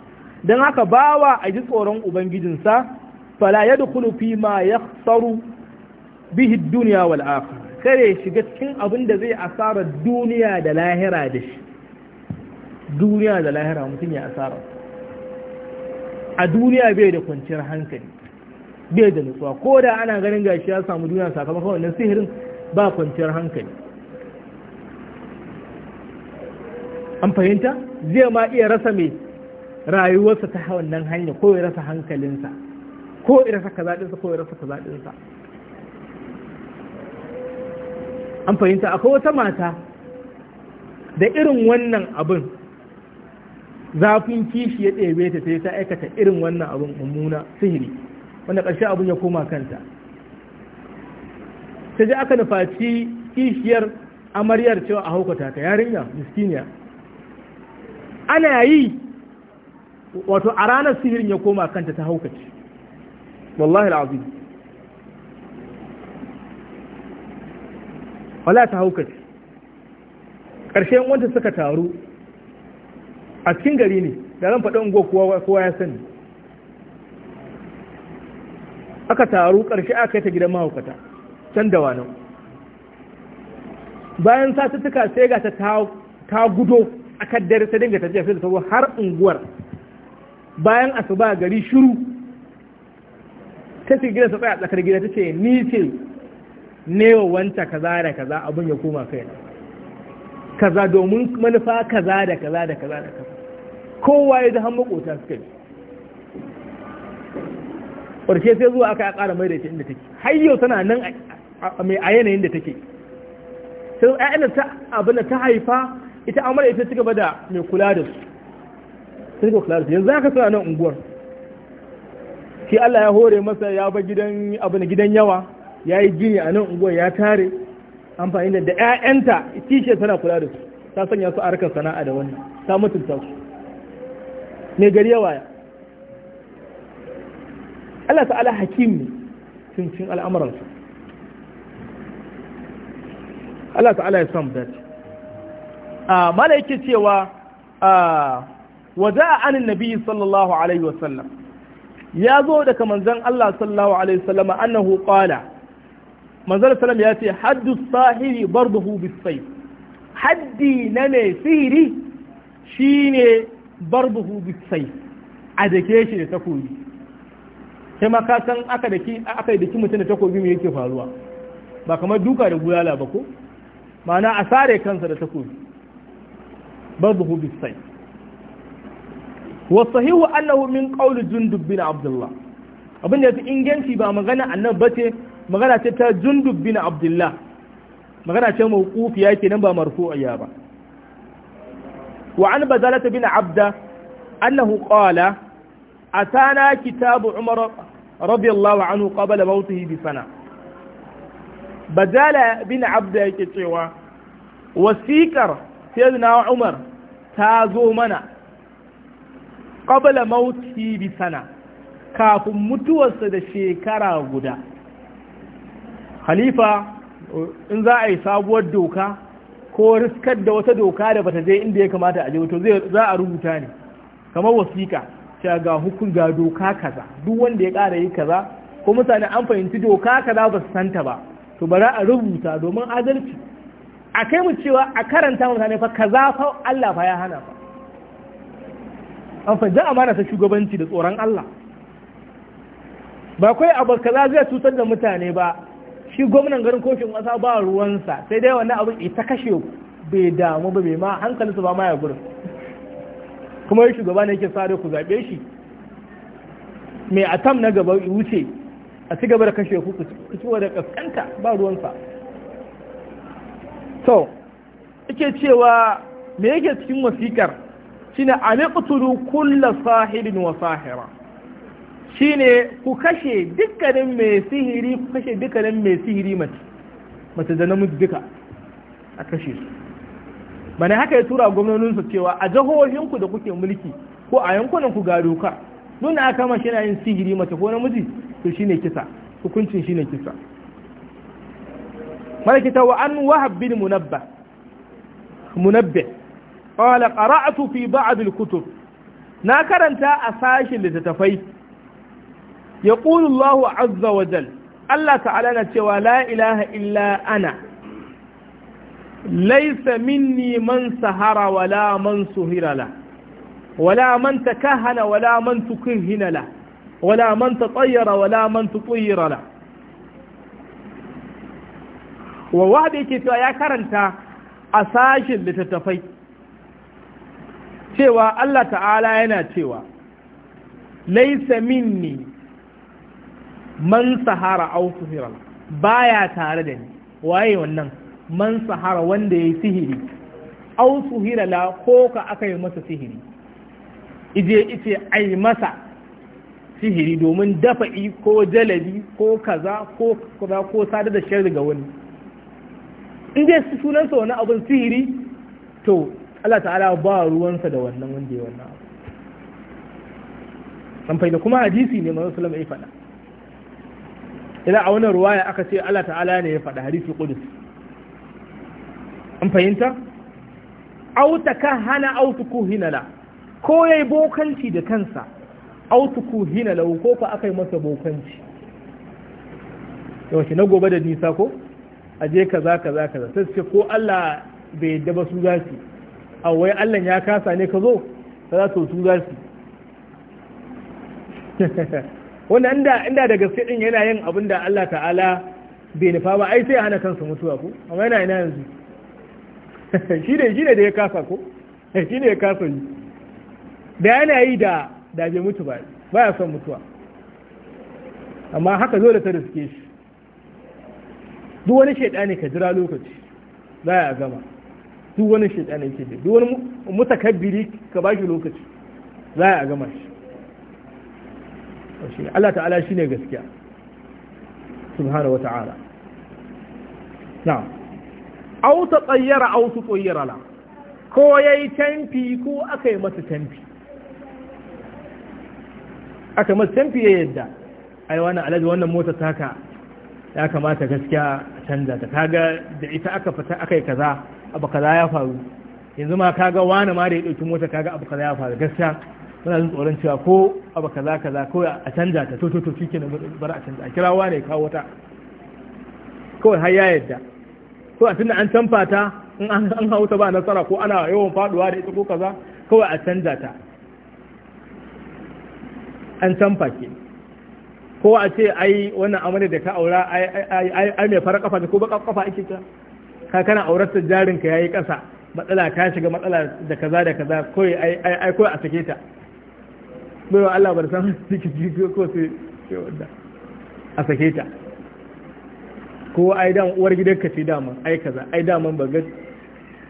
dan haka bawa a ji tsoron ubangijinsa fala yadkhulu fi ma yakhsaru bihi duniya wal akhirah kare shiga cikin abin da zai asara duniya da lahira da shi duniya da lahira mutum ya asara a duniya bai da kwanciyar hankali bai da nutsuwa ko da ana ganin gashi ya samu duniya sakamakon wannan sihirin ba kwanciyar hankali an fahimta zai ma iya rasa mai rayuwarsa ta wannan hanya ko ya rasa hankalinsa ko ya rasa kazaɗinsa ko ya rasa kazaɗinsa an fahimta akwai wata mata da irin wannan abin zafin kishi ya ɗebe ta sai ta aikata irin wannan abin mummuna sihiri wanda ƙarshe abin ya koma kanta ta ji aka nufaci kishiyar amaryar cewa a haukata ta yarinya miskiniya ana yi wato a ranar sihirin ya koma kanta ta haukace wallahi al'azim wala ta haukace ƙarshen wanda suka taru a cikin gari ne da ran faɗin unguwa kowa ya sani aka taru ƙarshe aka yi ta gidan mahaukata can da wani bayan satuttuka sai ga ta ta gudo a kaddare ta dinga tafiya sai da sabo har unguwar bayan asuba gari shiru ta gidan gidansa tsaya tsakar gida ta ce ni ce newa wanta kaza da kaza abin ya koma kai kaza domin manufa kaza da kaza da kaza da kaza kowa ya da hannu kota suka yi ƙarshe sai zuwa aka ya ƙara mai da ita inda take hayyau tana nan a yanayin da take sai ƴaƴan ta abin da ta haifa ita da ita ci gaba da mai kula da su ta ka kula da su yanzu haka suna nan unguwar shi Allah ya hore masa ya ba gidan abin gidan yawa ya yi gini a nan unguwar ya tare amfani da ƴaƴanta 'ya'yanta tishe tana kula da su ta sanya su a harkar sana'a da wannan ta mutunta su mai gari yawa ya Allah ta'ala hakim ne cikin al'amuransu Allah ta'ala ya samu dace a mala yake cewa a za'a anin nabi sallallahu alaihi wasallam ya zo daga manzon Allah sallallahu alaihi wasallama annahu qala manzal salam ya ce haddu sahiri barduhu bisai haddi na mai sihiri ne barduhu bisai a dake shi da takobi sai ma aka yi da ki mutum da takobi mai yake faruwa ba kamar duka da bulala ba ko ma'ana a sare kansa da takobi barduhu bisai sahihu annahu min qawli jundub bin abdullah abin da fi inganci ba magana annabi bace magana ce ta jundub bin abdullah magana ce mawqufiya nan ba marfu'iya ba wa an bazalata bin abda annahu qala atana kitabu umar radiyallahu anhu qabla mautihi bi sana bazala bin abda yake cewa wasiqar sayyidina umar ta zo mana qabla mautihi bi sana kafin mutuwarsa da shekara guda khalifa in za a yi sabuwar doka ko riskar da wata doka da bata je inda ya kamata a je to za a rubuta ne kamar wasiƙa cewa ga hukun ga doka kaza duk wanda ya ƙara yi kaza ko mutane an fahimci doka kaza ba su santa ba to za a rubuta domin adalci a kai mu cewa a karanta mutane fa kaza fa Allah fa ya hana fa an da amana ta shugabanci da tsoron Allah ba kai abu kaza zai tutar da mutane ba shi gwamnan garin kofin ƙasa ba ruwansa sai dai wannan abin ita kashe bai damu ba bai ma hankalinsa ba ma ya gurin kuma yi shugaba ne yake sare ku zaɓe shi mai atam na gaba wuce a ci gaba da kashe ku ku ci da ƙasƙanta ba ruwansa so yake cewa me yake cikin wasikar shine amiqtulu kula sahirin wa sahira shine ku kashe dukkanin mai sihiri ku kashe dukkanin mai sihiri mace mace da namiji duka a kashe su bane haka ya tura su cewa a ku da kuke mulki ko a yankunan ku ga doka nuna aka kama shi yin sihiri mace ko namiji to shine kisa hukuncin shine kisa ta wa an wahab bin munabba munabba qala qara'tu fi ba'd al-kutub na karanta a sashin littattafai ya Allahu azza wa jal Allah ta'ala na cewa la ilaha illa ana laisa minni man sahara wala man suhira la wala man takahana wala man tukhina la wala man tatayyara wala man tutira la wa wanda yake cewa ya karanta a sashin littattafai cewa Allah ta'ala yana cewa laisa minni man sahara au sihira baya tare da ni waye wannan man sahara wanda yayi sihiri au sihira la ko ka aka yi masa sihiri ije ice ai masa sihiri domin dafa ko jalabi ko kaza ko kaza ko sadar da sharri ga wani in je su sunansa wani abin sihiri to Allah ta'ala ba ruwansa da wannan wanda ya wannan abu. Samfai da kuma hadisi ne Manzo Sallama ya faɗa. ila a wannan ruwaya aka ce Allah ta'ala ne ya faɗa hadisi qudus an fahimta aw takahana aw tukuhina la ko yayi bokanci da kansa aw tukuhina la ko fa akai masa bokanci yawanci na gobe da nisa ko aje kaza kaza kaza sai ce ko Allah bai yadda ba su za a wai Allah ya kasa ne ka zo za su su <laughs> za wanda inda inda da gaske din yana yin abin da Allah ta'ala bai nufa ba ai sai hana kansa mutuwa ko amma yana ina yanzu <laughs> shi ne shi ne da ya kasa ko <laughs> shi ne ya kasa ni da yana yi da da bai mutu ba ba ya son mutuwa amma haka zo da ta riske shi duk wani shaidani ka jira lokaci za ya gama duk wani shaidani ke duk wani mutakabbiri ka bashi lokaci za ya gama shi shi Allah ta'ala ne gaskiya subhanahu wa ta'ala na auta tsayyara aw tsayyara la ko yi canfi ko aka yi masa canfi aka masa canfi ya yadda ai alaji wannan mota taka ya kamata gaskiya a canza ta kaga da ita aka fita aka yi kaza abu kaza ya faru yanzu ma kaga wani ma da ya ɗauki mota kaga abu kaza ya faru gaskiya muna jin tsoron cewa ko abu kaza kaza ko a canza ta to to to na bar a canja a kirawa ne kawo ta kawai har ya yadda ko a tunda an canfa ta in an hau ta ba nasara ko ana yawan faduwa da ita ko kaza kawai a canja ta an canfa ke ko a ce ai wannan amarya da ka aura ai mai fara kafa ko ba kafa ake ta ka kana aurar ta jarinka yayi kasa matsala ta shiga matsala da kaza da kaza kawai ai ai kawai a sake ta bayan Allah bar san ciki ciki ko sai ke wanda a sake ta ko ai dan uwar ka ce dama ai kaza ai dama ba ga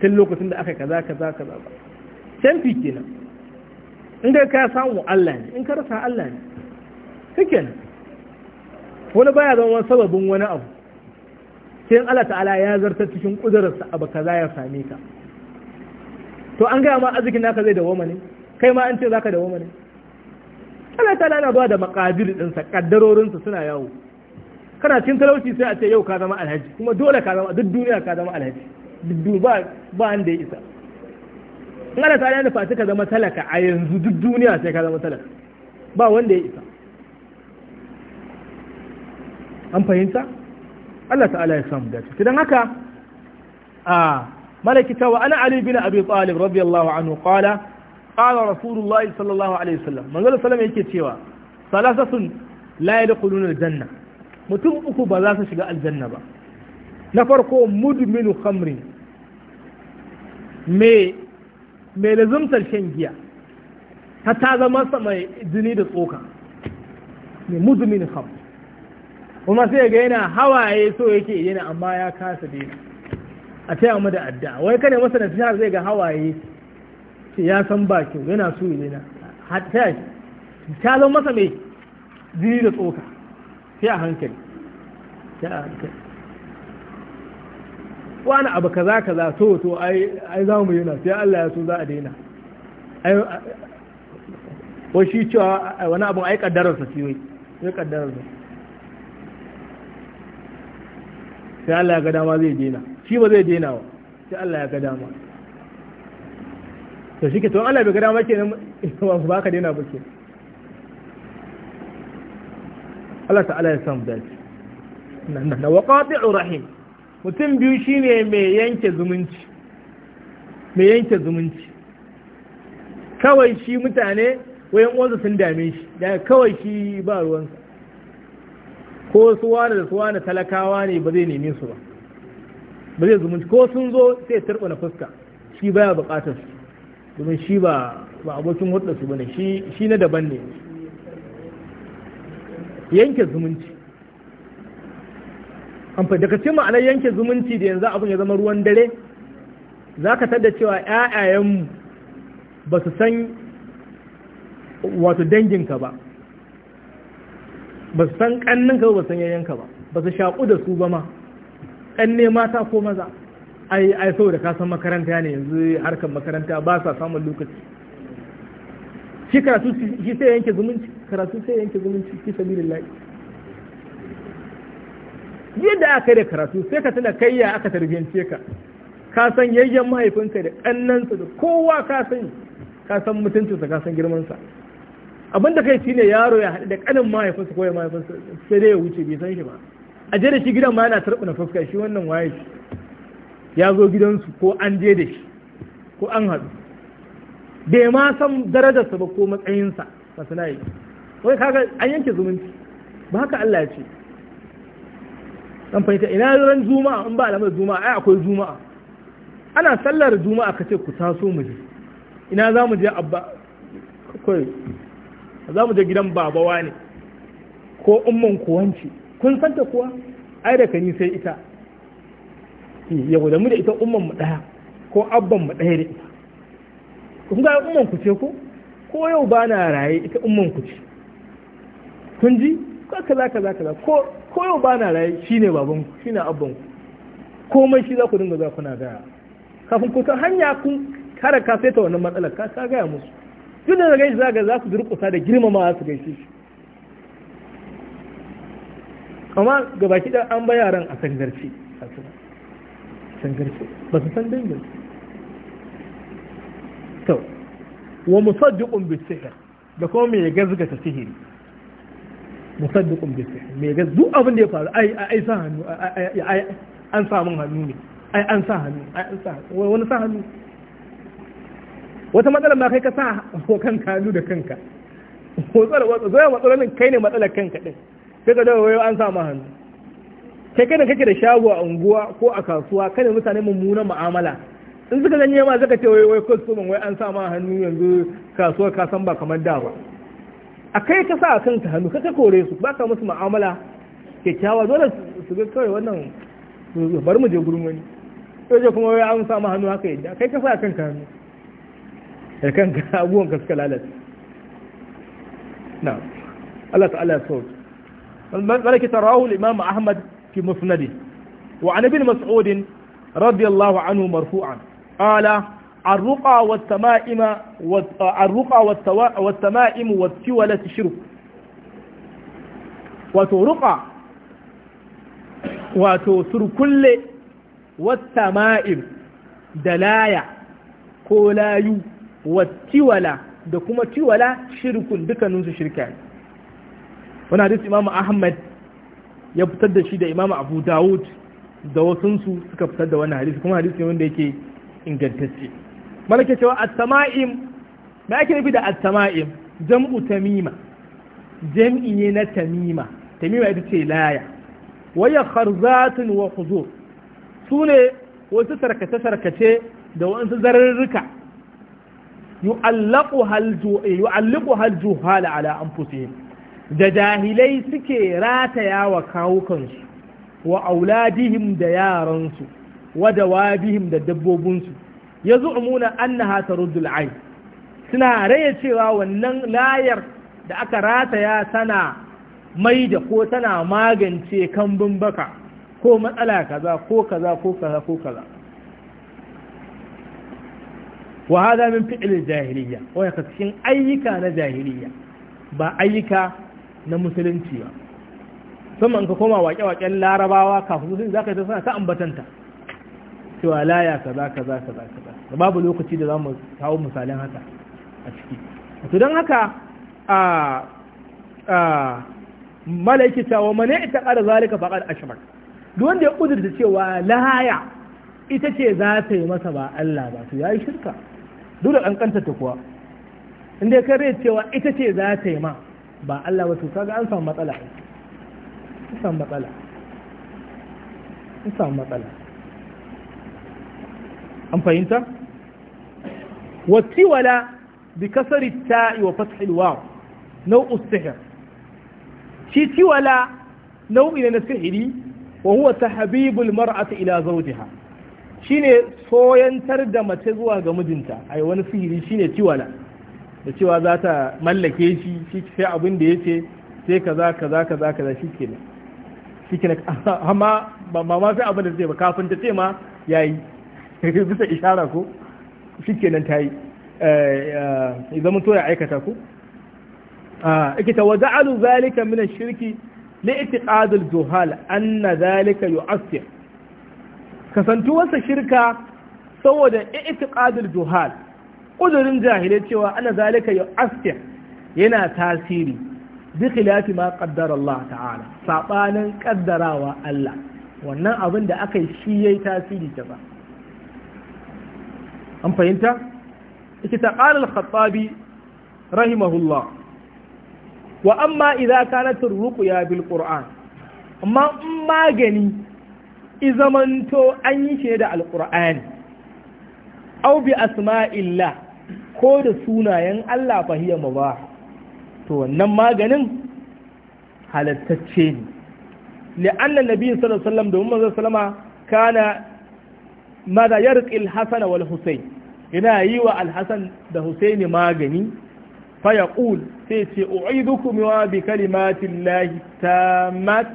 tun lokacin da aka kaza kaza kaza ba fi kenan in dai ka samu Allah ne in ka rasa Allah ne kake wani baya zama sababin wani abu sai Allah ta'ala ya zarta cikin kudurarsa abu kaza ya same ka to an gaya ma arzikin naka zai dawoma ne kai ma an ce zaka dawoma ne Allah ta lana ba da makadir ɗinsa ƙaddarorinsa suna yawo kana cin talauci sai a ce yau ka zama alhaji kuma dole ka zama duk duniya ka zama alhaji duk ba ba da ya isa in Allah ta lana fati ka zama talaka a yanzu duk duniya sai ka zama talaka ba wanda ya isa an fahimta Allah ta'ala ya samu dace to dan haka a malaki tawa ana ali bin abi talib radiyallahu anhu qala qala rasulullahi sallallahu alaihi wasallam manzon sallallahu yake cewa salasatun la yadkhuluna aljanna mutum uku ba za su shiga aljanna ba na farko mudminu khamrin me me lazumtar shan giya ta zama sa mai jini da tsoka ne mudmin khamr kuma sai yana hawaye so yake yana amma ya kasa daina a taya mu da addu'a wai kane masa nasiha zai ga hawaye ce ya san bakin yana so ya daina ta ta zama masa mai jini da tsoka sai a hankali sai a hankali wani abu kaza kaza so to ai za mu yana sai Allah ya so za a daina ko shi cewa wani abu ai kaddararsa ce wai sai kaddararsa sai Allah ya ga dama zai daina shi ba zai daina ba sai Allah ya ga dama to shi ke to Allah bai gada dama nan <laughs> ba ka daina ba ke Allah ta'ala ya samu dace na waqati'u rahim mutum biyu shine mai yanke zumunci mai yanke zumunci kawai shi mutane wayan uwansa sun dame shi da kawai shi ba ruwansa ko suwana da suwana talakawa ne ba zai neme su ba ba zai zumunci ko sun zo sai turba na fuska shi baya bukatar su domin shi ba abokin hudda su ne shi na daban ne yanke zumunci amfani daga cewa ma'anar yanke zumunci da yanzu abin ya zama ruwan dare za ka tada cewa ‘ya'yayenmu ba su san wato danginka ba ba su san ƙanninka ba su san yayyanka ba ba su shaƙu da su ba ma ƙanne mata ko maza ai ai saboda ka san makaranta ne yanzu harkar makaranta ba sa samun lokaci shi karatu shi sai yanke zumunci karatu sai yanke zumunci fi sabilillah yadda aka da karatu sai ka tana kai ya aka tarbiyance ka ka san yayyan mahaifinka da kannansa da kowa ka san ka san mutuncinsa ka san girmansa abin da kai shine yaro ya haɗu da kanin mahaifinsa ko ya mahaifinsa sai dai ya wuce bai san shi ba a je da shi gidan ma yana tarbuna fuska shi wannan waye shi ya zo gidansu ko an je da shi ko an haɗu bai ma san darajarsa ba ko matsayinsa ba su layi wai kaga an yanke zumunci ba haka Allah ya ce dan ta ina ran juma'a in ba alamar juma'a ai akwai juma'a ana sallar juma'a ka ce ku taso mu je ina za mu je abba kawai za mu je gidan babawa ne ko umman kuwanci kun santa kuwa ai da kani sai ita ya da mu da ita umman mu daya ko abban mu daya da ita kun ga umman ku ce ko ko yau ba na raye ita umman ku ce kun ji kaza kaza kaza ko ko yau ba na raye shine baban ku shine abban ku komai shi za ku dinga za ku na gaya kafin ku ta hanya kun kare ka sai ta wannan matsalar ka ka gaya musu duk da gaishe za ga za su durƙusa da girmama su gaishe shi amma gabaki da an bayaran a kan a cikin san garke ba su san dangin to wa musaddiqun bis sihr da kuma mai gazgata sihiri musaddiqun bis sihr mai gaz duk abin da ya faru ai ai sa hannu ai an sa mun hannu ne ai an sa hannu ai an sa wani sa hannu wata matsala ma kai ka sa ko kan hannu da kanka ko tsara wata zoya matsalolin kai ne matsalar kanka din sai ka dawo an sa ma hannu kai kada kake da shago a unguwa ko a kasuwa kada mutane mummunan mu'amala in suka zanye ma zaka ce wai wai su wai an sa ma hannu yanzu kasuwar ka san ba kamar da ba a kai ka sa kanka hannu ka kore su baka musu mu'amala kyakkyawa dole su ga kawai wannan bar mu je gurin wani sai kuma wai an sa ma hannu haka yadda kai ka sa kanka hannu da kanka <laughs> abubuwan ka suka lalata na Allah ta'ala ya sauke. Malaki tarahu imam Ahmad في مسنده وعن ابن مسعود رضي الله عنه مرفوعا قال الرقى والتمائم الرقى والتمائم والتولة شرك wato ruƙa wato surkulle wata ma'im da laya ko layu wattiwala da kuma tiwala shirkun dukkaninsu shirka ne wani hadis ahmad ya fitar da shi da imam abu dawud da wasunsu suka fitar da wani hadisi kuma hadisi wanda yake ingantacce malaka cewa at-tama'im me ake nufi da at-tama'im jam'u tamima jam'i ne na tamima tamima ita ce laya waya kharzatun wa khuzur sune wasu sarkace sarkace da wasu zararruka yu'allaqu hal juhala ala anfusihim da jahilai suke rataya wa kawukansu wa auladihim da yaransu wa dawabihim da dabbobinsu ya zu'umuna annaha taruddul ayn suna raya cewa wannan layar da aka rataya tana mai da ko tana magance kambun baka ko matsala kaza ko kaza ko kaza ko kaza wa hada min fi'l jahiliya wa cikin ayyuka na jahiliya ba ayyuka na musulunci ba musamman ka koma waƙe-waƙen larabawa kafin musulunci za ka yi ta sana ta ambatanta cewa laya za ka za ka za? babu lokaci da za mu kawo misalin haka a ciki to don haka a a malaiki cewa mane ita ƙara zalika faƙar ashmar duk wanda ya ƙudurta cewa laya ita ce za ta yi masa ba Allah ba to ya yi shirka duk da ƙanƙanta ta kuwa inda ya kare cewa ita ce za ta yi ma ba Allah ba to kaga an samu matsala an samu matsala an samu matsala an fahimta wala bi kasari ta'i wa fathi alwaw nau'u Sihir. shi tiwala nau'i ne na sihiri wa huwa tahbibul mar'ati ila zawjiha shine soyantar da mace zuwa ga mijinta ai wani sihiri shine tiwala da cewa za ta mallake shi shi sai abin da ya ce sai kaza kaza kaza kaza shi ke nan shi ke <laughs> amma ba ma sai abin da zai ba kafin ta ce ma ya yi <laughs> bisa ishara ko shi ke nan ta yi eh, eh, zama to ya aikata ko ikita ah, wa za'alu zalika min shirki li itiqad al-juhal anna zalika yu'assir kasantuwarsa shirka saboda itiqad al-juhal ƙudurin jahilai cewa ana zalika ya aske yana tasiri bi ma qaddara Allah ta'ala saɓanin kaddarawa Allah wannan abin da aka yi shi yayi tasiri ta ba an fahimta ita ta qala khattabi rahimahullah wa amma idza kanat ar-ruqya bil qur'an amma magani izamanto an yi shi da Alqur'ani. qurani aw bi asma'illah ko da sunayen Allah fahiya ba to wannan maganin halattacce ne li'annan nabi sallallahu alaihi wasallam domin manzon sallama kana madha yarqi al-hasan wal husayn yana yi wa al-hasan da husaini magani fa yaqul sai ce u'idukum wa bi kalimatillahi tammat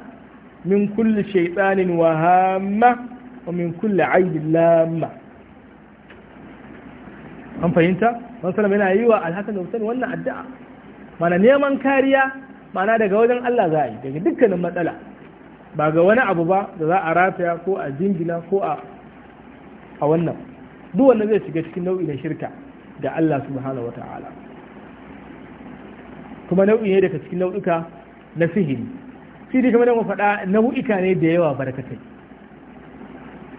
min kulli shaytanin wahama, wa min kulli aibin lamma an fahimta wasallam yana yi wa alhassan da hussein wannan addu'a mana neman kariya mana daga wajen allah za a yi daga dukkanin matsala ba ga wani abu ba da za a rataya ko a jingina ko a a wannan duk wannan zai shiga cikin nau'i na shirka da allah subhanahu wata'ala kuma nau'i ne daga cikin nau'uka na sihiri dai kamar da mun faɗa nau'uka ne da yawa barkatai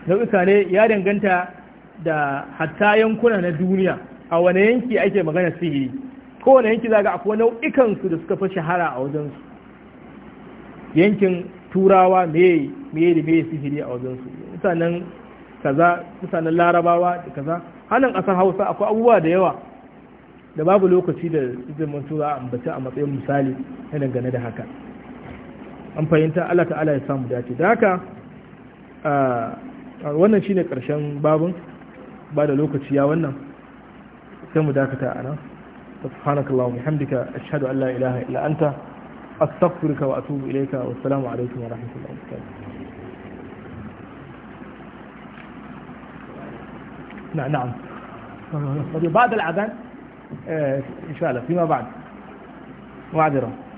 nau'uka ne ya danganta da hatta yankuna na duniya a wane yanki ake magana sihiri Ko kowane yanki zaga akwai nau'ikan su da suka fi shahara a wajen su yankin turawa meye meye da meye sihiri a wajen su mutanen kaza mutanen larabawa da kaza hannun ƙasar hausa akwai abubuwa da yawa da babu lokaci da zaman tura a ambaci a matsayin misali na dangane da haka an fahimta Allah ta'ala ya samu dace da haka wannan shine karshen babun ba da lokaci ya wannan sai mu dakata a nan سبحانك اللهم وبحمدك أشهد أن لا إله إلا أنت أستغفرك وأتوب إليك والسلام عليكم ورحمة الله وبركاته نعم نعم بعد الأذان إن شاء الله فيما بعد معذرة